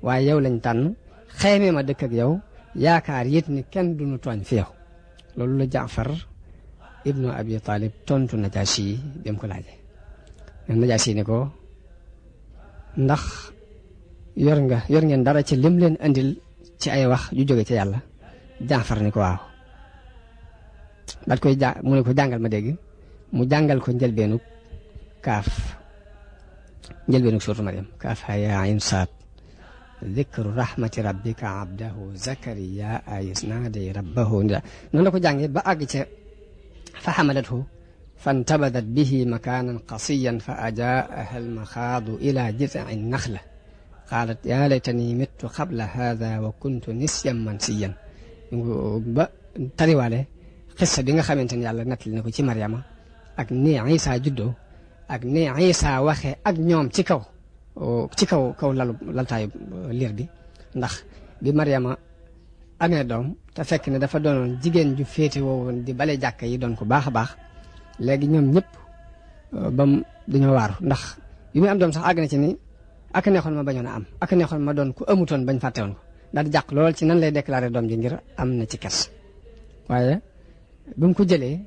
waaye yow lañ tànn xeemee ma dëkk ak yow yaakaar yit ni kenn duñu tooñ fi loolu la jaafar ibnu abi taalib tontu najaasi dem ko laaje najaasi yi ni ko ndax yor nga yor ngeen dara ci lim leen andil ci ay wax yu jóge ci yàlla jaafar ni ko waaw daat koy ja mu ne jàngal ma dégg mu jàngal ko njëlbeenug kaaf njëlbeenug suuratu Mariam kaaf ay yaa ayn dikru rahmati rabbika abdahu zakariya ayis naadi rabbahu nida noonu la ko jàngee ba àgg ca fa xamalathu fantabadat bihi makaanan qasiyan fa ajaaha almaxaadu ila jizci naxla qaalat yaa laytani mittu qabla haada wa kuntu nisyan mansiyan ba tariwaale xissa bi nga xamante ni yàlla nettali na ko ci Mariama ak ni Isa juddoo ak ni Isa waxe ak ñoom ci kaw ci kaw kaw lalu laltaayu euh, liir bi ndax bi Mariama amee doom te fekk ne dafa doonoon jigéen ju féete woowoon di bale jàkk yi doon ko baax a baax léegi ñoom ñëpp euh, bam dañoo waar ndax bi muy am doom sax àgg na ci ni ak neexoon ma bañoon a am ak neexoon ma doon ku amutoon bañ fàtte ko daal di jàq lool ci nan lay déclaré doom ji ngir am na ci kes waaye bi mu ko jëlee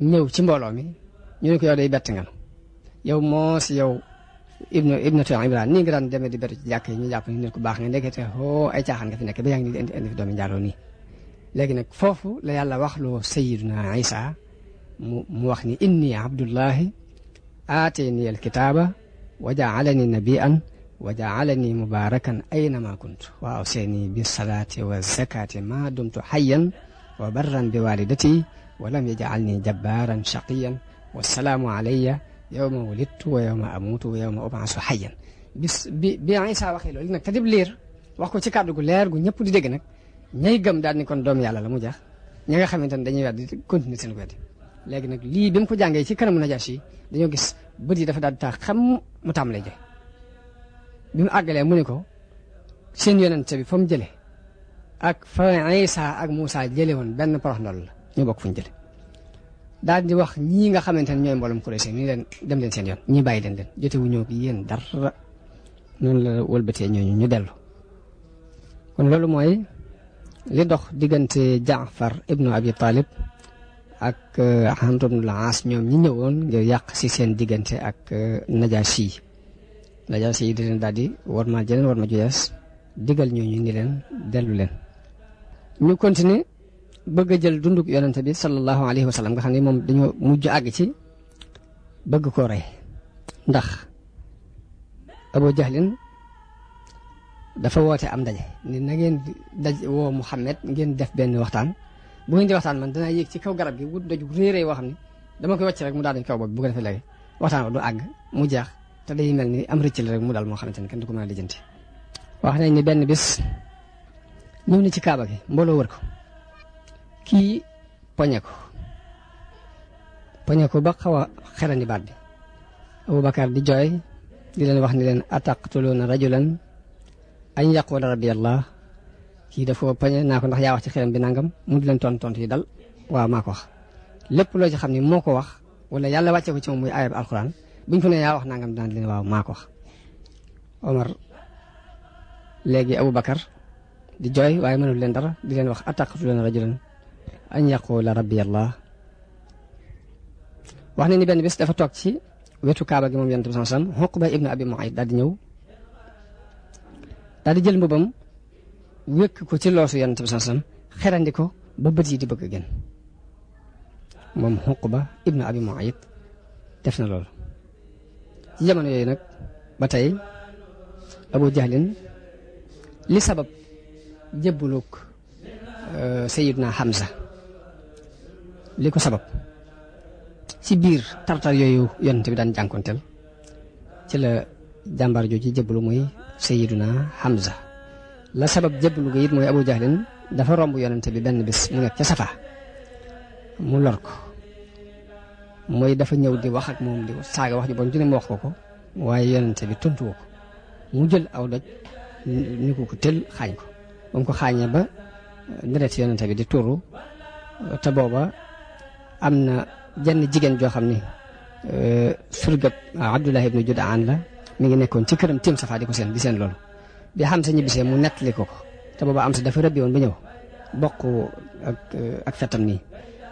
ñëw ci mbooloo mi ñu ne ko yow day bett nga yow moo si yow ibnu ibnatu imran nii nga daan demee di bëri ci jàkk yi ñu jàpp ni nit ku baax nga nekkee oo ay caaxaan nga fi nekk ba yaa ngi nii di indi indi fi doomi njaaloo nii léegi nag foofu la yàlla waxloo sayiduna isa mu mu wax ni inni abdullahi aateni al kitaaba wa jaalani nabian wa jaalani mubarakan aynama kunt wa awseni bi salaati wa zakati ma dumtu xayan wa barran bi walidati wa lam yajaalni jabbaran shaqiyan wa salaamu alayya yow ma walittu wa yow ma amuutu wa yow ma ubaasu hayyan bis bi bi Isaa waxee loolu nag te dib liir wax ko ci kàddu gu leer gu ñëpp di dégg nag ñay gëm daal ni kon doom yàlla la mu jax ñi xamante ne dañuy weddi continuer seen weddi léegi nag lii bi ko jàngee ci kanamu najaas yi dañoo gis bët yi dafa daal di xam mu tàmbalee joy bi mu àggalee mu ne ko seen yonente bi mu jëlee ak fa Isaa ak Muusaa jëlee woon benn porox ndoll la ñu bokk fu ñu jëlee daal di wax ñii nga xamante ne ñooy mbooloom Quraysh ni leen dem leen seen yoon ñi bàyyi leen leen jotewuñoo ak yéen dara noonu la wolbatee ñooñu ñu dellu kon loolu mooy li dox diggante Jaafar ibnu Abi Talib ak eh, Amr ibnul Aas ñoom ñi ñëwoon ngir yàq si seen diggante ak eh, Najaasi Najaasi yi di leen daal war ma jeneen war ma ju yees digal ñooñu ni leen dellu leen ñu continuer bëgg a jël dunduk yonente bi sallallahu alayhi wa nga xam ne moom dañoo mujj àgg ci bëgg ko rey ndax Abu Jahlin dafa woote am ndaje ni na ngeen daj woo Muhammad ngeen def benn waxtaan bu ngeen di waxtaan man danaa yéeg ci kaw garab gi wut daju réeréy woo xam ne dama koy wàcc rek mu daal dañ kaw bu ko defee léegi waxtaan wa du àgg mu jeex te day mel ni am rëcc rek mu dal moo xamante ne kenn du ko mën a lijjanti wax nañ ni benn bis ñëw ci kaaba gi mbooloo wër ko kii poñe ko poñe ko ba xaw a xerandi baat bi Abubakar di jooy di leen wax ni leen ataqtuluuna rajulan an yaqula rabbi allah kii dafa poñe naa ko ndax yaa wax ci xelam bi nangam mu di leen tontu tontu yi dal waaw maa ko lépp loo ci xam ni moo ko wax wala yàlla wàcce ko ci moom muy ayab alquran buñ ko ne yaa wax nangam daan leen waaw maa ko wax Omar léegi Abubakar di jooy waaye mënul leen dara di leen wax ataqtuluuna rajulan añ yaqula rabbi allah wax ne ni benn bis dafa toog ci wetu kaaba gi moom yonent bi sallam Uqba ibnu abi Muayt daal di ñëw daal jël mbubam wékk ko ci loosu yonent bi sallam xerandi ko ba bët yi di bëgg a gën moom Uqba ibnu abi Muayt def na loolu ci jamono yooyu nag ba tey Abu Jahlin li sabab jébbalug euh, Sayyidna Hamza li ko sabab ci biir tartar yooyu yonent bi daan jànkonteel ci la jàmbar jàmbaar jooju jëbbalu muy Sayyiduna Hamza la sabab jëbbalu ga it mooy Abu Jahlin dafa romb yonent bi benn bis mu nekk ca Safa mu lor ko mooy dafa ñëw di wax ak moom di saaga wax ju bon ju ne mu wax ko ko waaye yonent bi tontu ko mu jël aw doj ni ko ko tël xaañ ko ba ko xaañee ba deret yonent bi di tuuru te booba am na jenn jigéen joo xam ni euh, surgab Abdullah ibnu Judaan la mu ngi nekkoon ci këram tiim safa di ko seen di seen loolu bi xam sa seen mu nettali ko ko te booba am sa dafa rëbbi woon ba ñëw bokk ak euh, ak fettam nii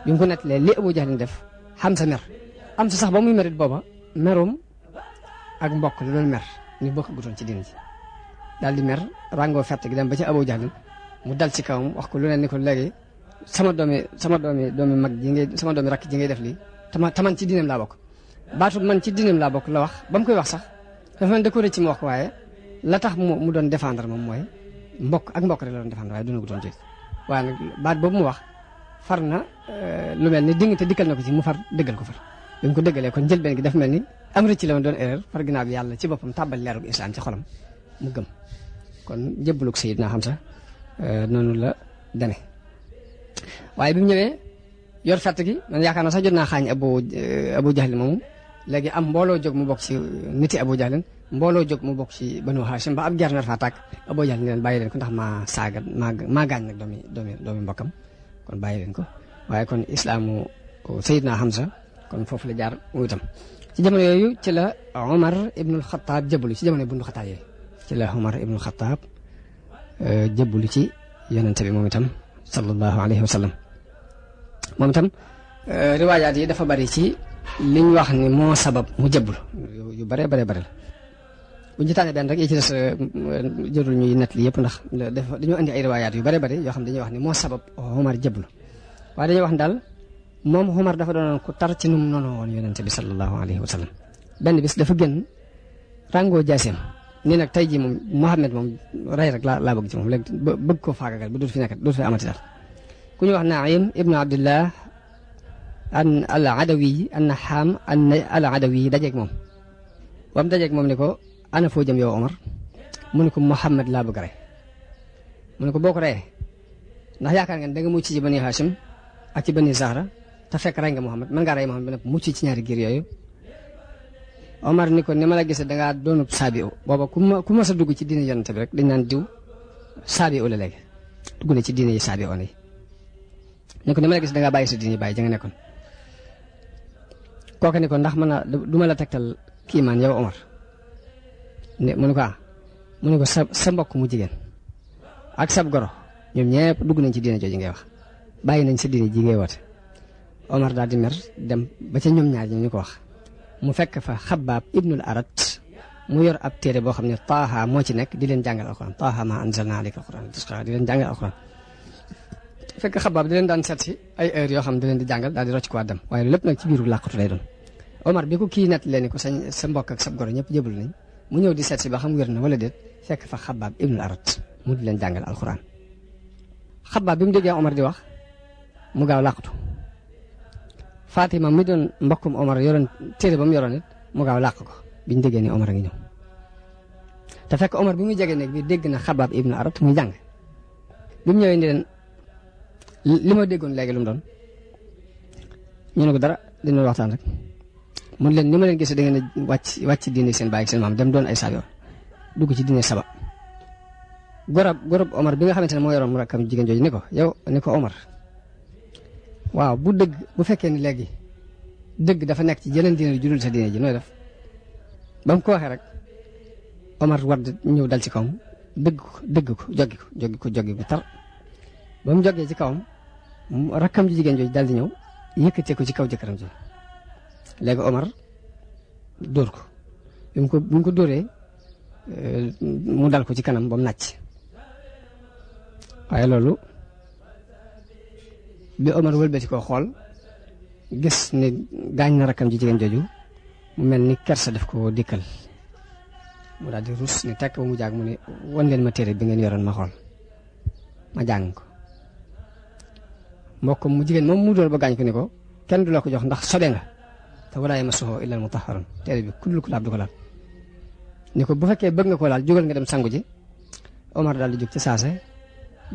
bi mu ko nettalee li Abu Jahl def xam sa mer am sa sax ba muy merit booba merum ak mbokk la doon mer ñu bokk gutoon ci diin daal di mer ràngoo fett gi dem ba ci Abu Jahl mu dal ci kawam wax ko lu ne ni ko léegi sama doomi sama doomi doomi mag ji ngay sama doomi rakk ji ngay def lii tama taman ci diineem laa bokk baatu man ci diineem laa bokk la wax ba mu koy wax sax dafa mel da ko rëcc mu wax ko waaye la tax mu mu doon défendre moom mooy mbokk ak mbokk rek la doon défendre waaye duna ko doon jël waaye nag baat boobu mu wax far na euh, lu mel ni ding te dikkal na ko ci mu far dëggal ko far bi mu ko dëggalee kon njëlbeen gi dafa mel ni am rëcc la ma doon erreur far ginnaaw bi yàlla ci boppam tàbbal leerug islam ci kon jëbbalug sayid naa xam euh, sax noonu la dane waaye bi mu ñëwee yor fett gi man yaakaar na sax jot naa xaañ abu euh, abu jahlin moomu léegi am mbooloo jóg mu bokk ci niti abu jahlin mbooloo jóg mu bokk ci banu hashim ba ab ger nar faa tàkk abu jahlin leen bàyyi leen ko ndax maa saaga maa maa gaañ nag doomi doomi doomi mbokkam kon bàyyi leen ko waaye kon islaamu oh, sayidna Hamza kon foofu la jaar mu itam ci jamono yooyu ci la Omar ibnul Xataab jëbbalu ci jamono bundu Xataab yooyu ci la Omar ibnul Xataab euh, jëbbalu ci yonente bi moom itam sallallahu alayhi wa sallam moom itam euh, riwaayaat yi dafa bari ci liñ wax ni moo sabab mu jëbbul yu bare bare bare la bu ñu taanee benn rek yi ci euh, ñuy nett li yëpp ndax dafa dañoo indi ay riwaayaat yu bare bare yoo xam dañuy wax ni moo sabab Omar jëbbul waaye dañuy wax daal moom Omar dafa doonoon ku tar ci nu mu noonu woon yonente bi sallallahu alayhi wa sallam benn bis dafa génn ràngoo jaaseem ni nag tey jii moom Mouhamed moom rey rek laa laa bëgg ci moom léegi bëgg ko faagagal ba dootu fi nekkat dootu fi amati dara ku ñu wax Naim ibnu Abdillah an al adawi an naxaam an al adawi dajeeg moom wam dajeeg moom ni ko ana foo jëm yow Omar mu ne ko Mouhamed laa bëgg rey mu ne ko boo ko reyee ndax yaakaar nga ne danga mucc ci bani Hachim ak ci bani Zahra te fekk rey nga Mouhamed mën ngaa rey Mouhamed ba nag mucc ci ñaari giir yooyu Omar ni ko ni ma la gisee da ngaa doonub saabi u booba ku ma ku ma sa dugg ci diine yonent bi rek dañ naan diw saabi u la dugg na ci diine yi saabi oon yi gis da bàyyi sa diine yi ja nga nekkoon kooka ko ndax mën a la tegtal kiimaan yow Omar ne mu ko ah mu ne jigéen ak sab goro ñoom ñëpp dugg nañ ci diine jooju ngay wax bàyyi nañ sa diine ji ngay woote Omar daal di mer dem ba ca ñoom ñaar ñi ñu ko wax mu fekk fa xabaab ibnul arat mu yor ab téere boo xam ne taaha moo ci nekk di leen jàngal alquran taaha ma anzalna alayka alquran di leen jàngal alquran fekk xabaab di leen daan seet ay heure yoo xam di leen di jàngal daal di rocc ko dem waaye lépp nag ci biiru làqatu lay doon Omar bi ko kii nett leen ko sañ sa mbokk ak sa goro ñëpp jëbal nañ mu ñëw di seet si ba xam wér na wala déet fekk fa xabaab ibnul arat mu di leen jàngal alquran xabaab bi mu déggee Omar di wax mu gaaw Fatima mi doon mbokkum Omar yoroon téere ba mu yoroon it mu gaaw làq ko biñ ni Omar a ngi ñëw te fekk Omar bi muy jege nekk bi dégg na Xabaab ibnu Arat muy jàng bi mu ñëwee ni leen li ma déggoon léegi lu doon ñu ne ko dara dinañ waxtaan rek mun leen ni ma leen gisee da ngeen a wàcc wàcc diine seen baay ak dem doon ay saabiyoon dugg ci diine saba gorab gorab Omar bi nga xamante ne moo yoroon mu rakkam jigéen ni ko yow ni ko Omar waaw bu dëgg bu fekkee ni léegi dëgg dafa nekk ci jeneen diine ju dul sa diine ji nooy def ba mu ko waxee rek Omar Wade ñëw dal ci kawam dëgg ko dëgg ko joggi ko joggi ko joggi bu tar ba mu joggee ci kawam rakkam ji jigéen jooju dal di ñëw yëkkatee ko ci kaw jëkkëram ji léegi Omar dóor ko bi mu ko bi mu ko dóoree euh, mu dal ko ci kanam ba mu nàcc waaye loolu bi Omar wëlbati koo xool gis ni gaañ na rakkam ji jigéen joju mu mel ni kersa def ko dikkal mu daal di rus ni tekk ba mu jaag mu ne wan leen ma téere bi ngeen yoroon ma xool ma jàng ko mbokk mu jigéen moom mu doon ba gaañ ko ni ko kenn du la ko jox ndax sobe nga te walaa yamassuhu illal mutahharun téere bi kullul ku laab du ko laal ni ko bu fekkee bëgg nga ko laal jógal nga dem sangu ji Omar daal di jóg ci saase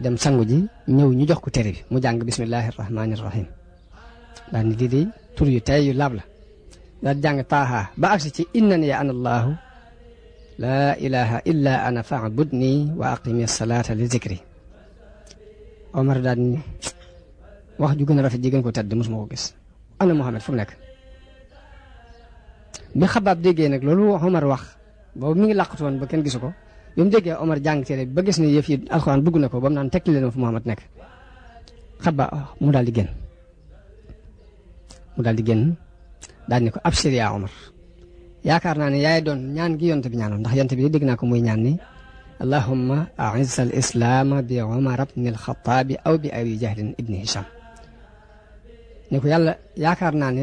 dem sangu ji ñëw ñu jox ko tere bi mu jàng bismillahi rahmaani rahim daal ni di di tur yu tey yu laab la daal jàng taaha ba agsi ci innani ana allahu laa ilaha illa ana faabudni wa aqimi salaata li zikri omar daal wax ju rafet ji ko tedd mosuma ko gis ana muhammad fu mu nekk bi xabaab déggee nag loolu omar wax boobu mi ngi làqatu woon ba kenn gisu ko bi mu déggee Omar jàng téere ba gis ne yëf yi alxuraan bëgg na ko ba mu naan tekki leen fu Muhammad nekk xaba ah, mu daal di génn mu daal génn daal ni ko ab yaa Omar yaakaar naa ne yaay doon ñaan gi yonte bi ñaanoon ndax yonte bi dégg naa ko muy ñaan ni allahumma a'iz al bi Omar ibn al aw bi Abi Jahlin ibni Hisham ni ko yàlla yaakaar naa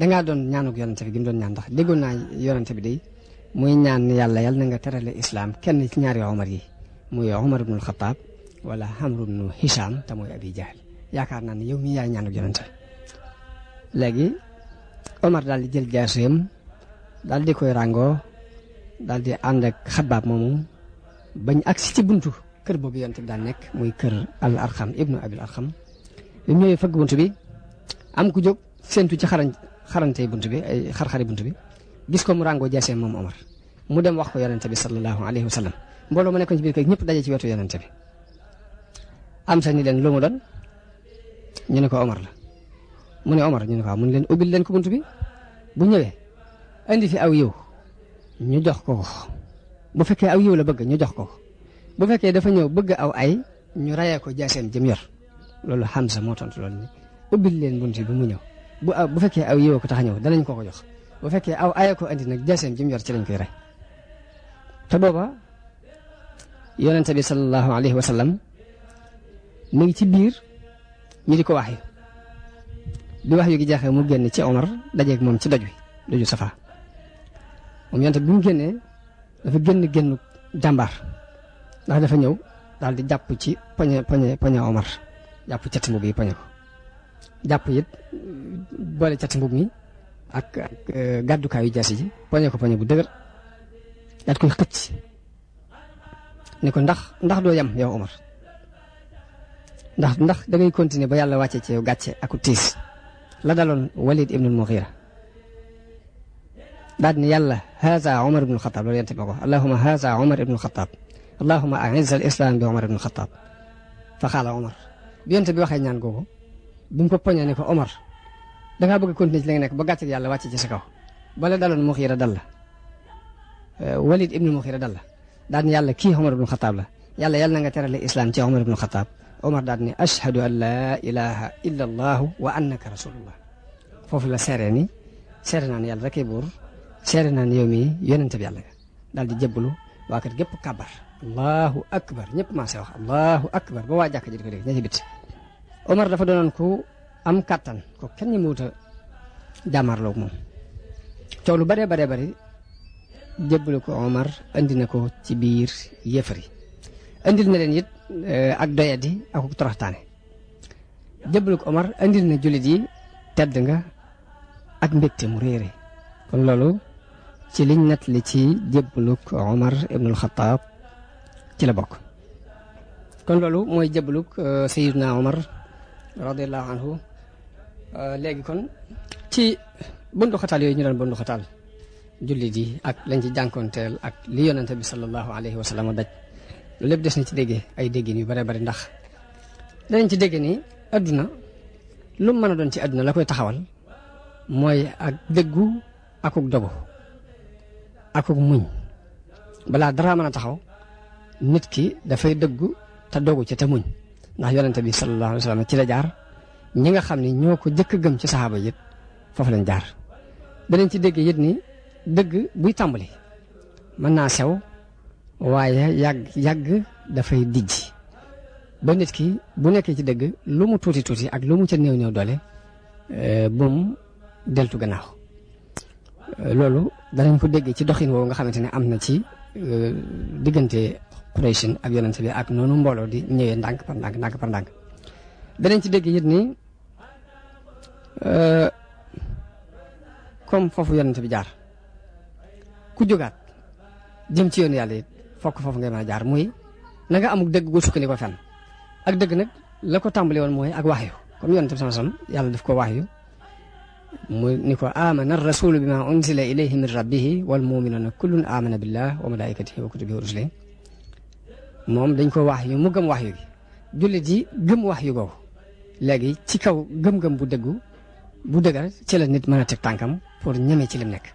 dangaa doon ñaanuk yonente bi gi doon ñaan dax déggoon naa yonente bi day muy ñaan yàlla yàlla na nga terale islaam kenn ci ñaari Omar yi muy Omar ibnul Xataab wala Amru ibnu Hicham te muy Abi Jahl yaakaar naa ne yow mii yaay ñaan yonente léegi Omar daal di jël jaaseem daal di koy ràngoo daal di ànd ak xabaab moomu bañ si ci bunt kër boobu yonente bi daan nekk muy kër al arxam ibnu abil arxam bi mu bunt bi am ku jóg séentu ci xarañ xarantey bunt bi ay xar bunt bi gis ko mu ràngoo jaasee moom Omar mu dem wax ko yonente bi sallallahu alayhi wa mbooloo ma nekkoon ci biir kër ñëpp daje ci wetu yonente bi am sa ni leen lu mu doon ñu ne ko Omar la mu ne Omar ñu ne ko mu ne leen ubbil leen ko bunt bi bu ñëwee indi fi aw yiw ñu jox ko ko bu fekkee aw yiw la bëgg ñu jox ko ko bu fekkee dafa ñëw bëgg aw ay ñu rayee ko jaaseem jëm yor loolu Hamza moo tontu loolu ni ubbil leen bunt bi mu ñëw bu bu fekkee aw yiw ko tax a danañ ko ko bu fekkee aw aaya ko andi nag jaseem ji mu yor ci lañ koy rey te booba yonente bi sallallahu alayhi wa mu ngi ci biir ñu di ko waxi bi wax yu gi jaaxee mu génn ci Omar dajeeg moom ci doj wi daju safa moom yonente bi mu génnee dafa génn génn jàmbaar ndax dafa ñëw dal di jàpp ci poñe poñe poñe Omar jàpp cati mbub yi poñe ko jàpp it boole cati mbub mi ak euh, gàddukaayu jaasi ji poñe ko poñe bu dëgër daat koy xëcc ne ko ndax ndax doo yam yow Omar ndax ndax da ngay continuer ba yàlla wàcce ci yow gàcce aku tiis la daloon Walid ibnul Mughira daal ne yàlla haza Omar ibnul Xataab loolu yente ma ko allahuma haza Omar ibnul Xataab allahuma aiz al islam bi Omar ibnul Xataab fa xaala Omar bi yonte bi waxee ñaan googu bi mu ko ko Omar dangaa bëgg a continuer ci li nga nekk ba ci sa kaw bala daloon Muxiira dal la euh, Walid ibnu Muxiira dal la daan yàlla kii Omar ibnu Xataab la yàlla yàlla na nga terale islam ci Omar ibnu Xataab Omar daan ne ashhadu an laa ilaha illa allahu wa annaka rasulullah foofu la seere ni seere naa ne yàlla seere naa yow mi yonente bi yàlla nga di jébbalu waa kër gépp kàbbar allahu akbar ñëpp maa se wax allahu akbar ba waa jàkk ji am kattan ko kenn ñu mënut a moom coow lu bëree bëree bëri jébbalu ko Omar indi ko ci biir yéefar yi indil na eh, ak doyadi ak toroxtaane jébbalu Omar indil na jullit yi tedd nga ak mbégte mu réere kon loolu ci liñ nettali ci jébbalu Omar ibnul Xataab ci la bokk kon loolu mooy jébbalu eh, Sayyidina Omar radiyallahu anhu Euh, léegi kon ci bunduxataal yooyu ñu doon bunduxataal jullit yi ak lañ ci jànkoonteel ak li yonente bi sallallahu alayhi wa sallam daj loolu lépp des na ci déggee ay déggin yu bare bari ndax danañ ci déggee ni adduna lu mën a doon ci adduna la koy taxawal mooy ak dëggu akuk dogu ak muñ balaa dara mën a taxaw nit ki dafay dëggu te dogu ci te muñ ndax yoonante bi sallallahu alayhi wa ci la jaar ñi nga xam ne ñoo ko jëkk gëm ci saxaaba yëpp foofu lañ jaar danañ ci dégg it ni dëgg buy tàmbali mën naa sew waaye yàgg yàgg dafay dijj ba nit ki bu nekkee ci dëgg lu mu tuuti tuuti ak lu mu ca néew néew doole bum euh, deltu gannaaw euh, loolu danañ ko dégg ci doxin woowu nga xamante ni am na ci euh, diggante Quraysh ak yonent bi ak noonu mbooloo di ñëwee ndànk par ndànk ndànk par ndànk danañ ci dégg it ni euh, comme foofu yonent bi jaar ku jógaat jëm ci yoon yàlla it fokk foofu ngay mën jaar muy na nga amuk dëgg gu sukkandiku fenn ak dëgg nag la ko tàmbali woon mooy ak waxyu comme yonent bi sama def ko waxyu mu ni ko amana rasulu bima unzila ilayhi min rabbihi wal muminuna kullun amana billah wa malaikatihi wa kutubihi wa rusulihi moom dañ ko waxyu mu gëm waxyu gi jullit yi gëm waxyu googu léegi ci kaw gëm-gëm bu dëggu bu dëgër ci la nit mën teg tànkam pour ñeme ci lim nekk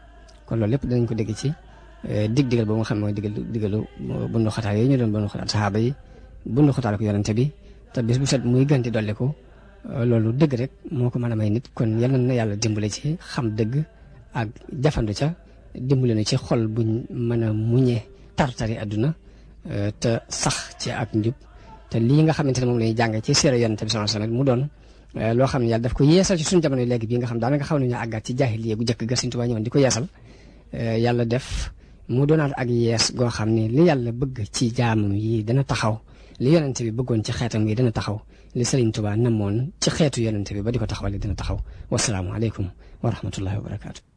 kon loolu lépp danañ ko dégg ci euh, dig digal boobu nga xam mooy digal digalu bundu xataal yooyu ñu doon bundu xataal saxaaba yi bundu xataal ko yonente bi te bis bu set muy gën di dolli euh, loolu dëgg rek moo ko mën a may nit kon yal na yàlla dimbale ci xam dëgg ak jafandu ca dimbale na ci xol buñ mën a muñee tartari àdduna euh, te sax ci ak njub te lii nga xamante ne moom lañuy jàng ci seera yonent bi sallallahu alayhi wasallam mu doon eh, loo xam ne yàlla daf ko yeesal ci suñu jamono léegi bii nga xam daanaka xaw nañu àggaat ci jaahiliya gu jëkk ga Sëriñ Tuubaa ñëwoon di ko yeesal eh, yàlla def mu doonaat ak yees goo xam ne li yàlla bëgg ci jaamam yi dana taxaw li yonent bi bëggoon ci xeetam yi dana taxaw li Sëriñ Tuubaa moon ci xeetu yonent bi ba di ko taxawal dina taxaw wasalaamu aleykum wa rahmatullahi wa barakaatu